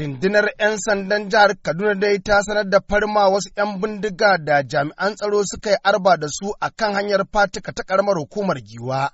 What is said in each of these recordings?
Rindinar 'yan sandan jihar Kaduna dai ta sanar da farma wasu 'yan bindiga da jami'an tsaro suka yi arba da su a kan hanyar fatika ta karamar hukumar giwa,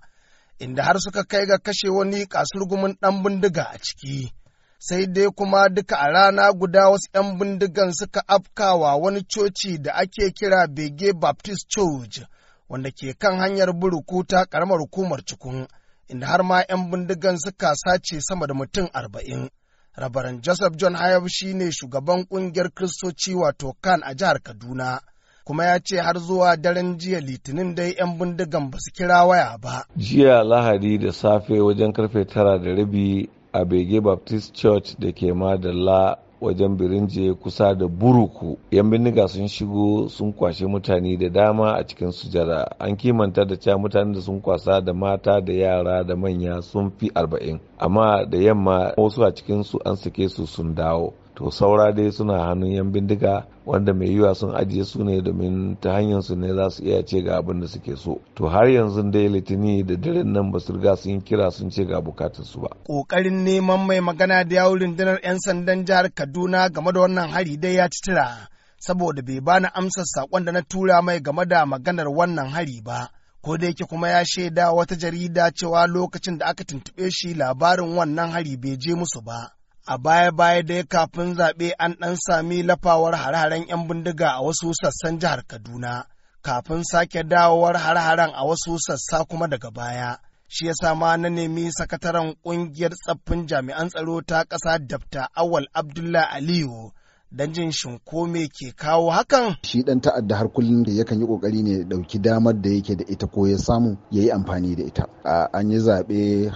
inda har suka kai ga kashe wani kasurgumin ɗan bindiga a ciki. Sai dai kuma duka a rana guda wasu 'yan bindigan suka afkawa wani coci da ake kira Bege Baptist Church, wanda ke kan hanyar buruku ta ƙaramar hukumar Cikun, inda har ma 'yan bindigan suka sace sama da mutum arba'in. Rabaran Joseph John Ayab shi ne shugaban ƙungiyar kristoci wato kan a jihar Kaduna. kuma ya ce har zuwa daren jiya litinin dai 'yan bindigan ba su kira waya ba. Jiya lahadi da safe wajen karfe tara da rabi a bege baptist church da ke madalla wajen birinje kusa da buruku yan bindiga sun shigo sun kwashe mutane da dama a cikin sujara an kimanta da cewa mutanen da sun kwasa da mata da yara da manya sun fi arba'in amma da yamma wasu a cikinsu an sake su sun dawo to saura dai suna hannun yan bindiga wanda mai yiwa sun ajiye su ne domin ta hanyar su ne za su iya ce ga abin da suke so to har yanzu dai litini da daren nan ba su riga sun kira sun ce ga bukatun su ba kokarin neman mai magana da yawun rundunar yan sandan jihar Kaduna game da wannan hari dai ya ci tira saboda bai bani amsar sakon da na tura mai game da maganar wannan hari ba ko da yake kuma ya shaida wata jarida cewa lokacin da aka tuntuɓe shi labarin wannan hari bai je musu ba a baya-baya dai kafin zaɓe an ɗan sami lafawar har haren 'yan bindiga a wasu sassan jihar Kaduna, kafin sake dawowar har haren a wasu sassa kuma daga baya. Shi ya ma na nemi sakataren ƙungiyar tsaffin jami'an tsaro ta ƙasa Dabta Awal Abdullah Aliyu dan jin shin ko me ke kawo hakan. Shi dan ta'adda har kullum yakan yi kokari ne da dauki damar da yake da ita ko ya samu ya yi amfani da ita. An yi zaɓe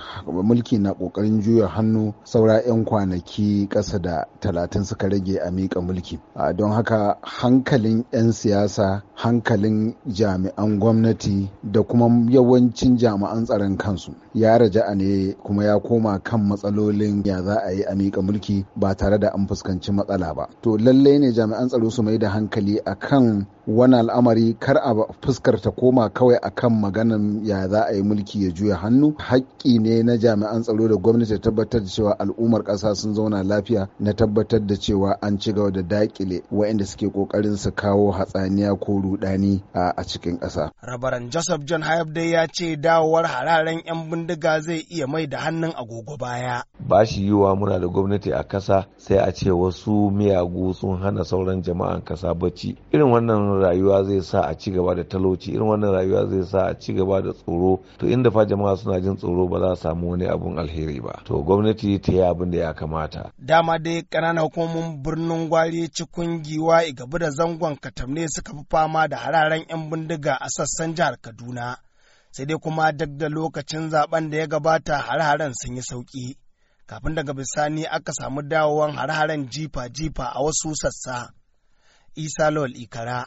mulki na kokarin juya hannu saura 'yan kwanaki kasa da talatin suka rage a mika mulki. Don haka hankalin 'yan siyasa, hankalin jami'an gwamnati da kuma yawancin jami'an tsaron kansu ya raja'a ne kuma ya koma kan matsalolin ya za a yi a mika mulki ba tare da an fuskanci matsala ba. to lallai ne jami'an tsaro su mai da hankali a kan wani al'amari kar a fuskar ta koma kawai a kan maganan ya za a yi mulki ya juya hannu haƙƙi ne na jami'an tsaro da gwamnati ta tabbatar da cewa al'ummar ƙasa sun zauna lafiya na tabbatar da cewa an ci gaba da daƙile waɗanda suke ƙoƙarin su kawo hatsaniya ko rudani a cikin ƙasa. Rabaran Joseph John Hayab dai ya ce dawowar hararen 'yan bindiga zai iya mai da hannun agogo baya. Ba shi yiwuwa muna da gwamnati a ƙasa sai a ce wasu miyagu sun hana sauran jama'an ƙasa bacci. Irin wannan wannan rayuwa zai sa a ci gaba da talauci irin wannan rayuwa zai sa a ci gaba da tsoro to inda fa jama'a suna jin tsoro ba za a samu wani abun alheri ba to gwamnati ta yi abin da ya kamata dama dai kananan hukumomin birnin gwari ci giwa igabu da zangon katamne suka fi fama da hararen 'yan bindiga a sassan jihar kaduna sai dai kuma duk da lokacin zaben da ya gabata harharan sun yi sauki kafin daga bisani aka samu dawowan har jifa-jifa a wasu sassa isa lol ikara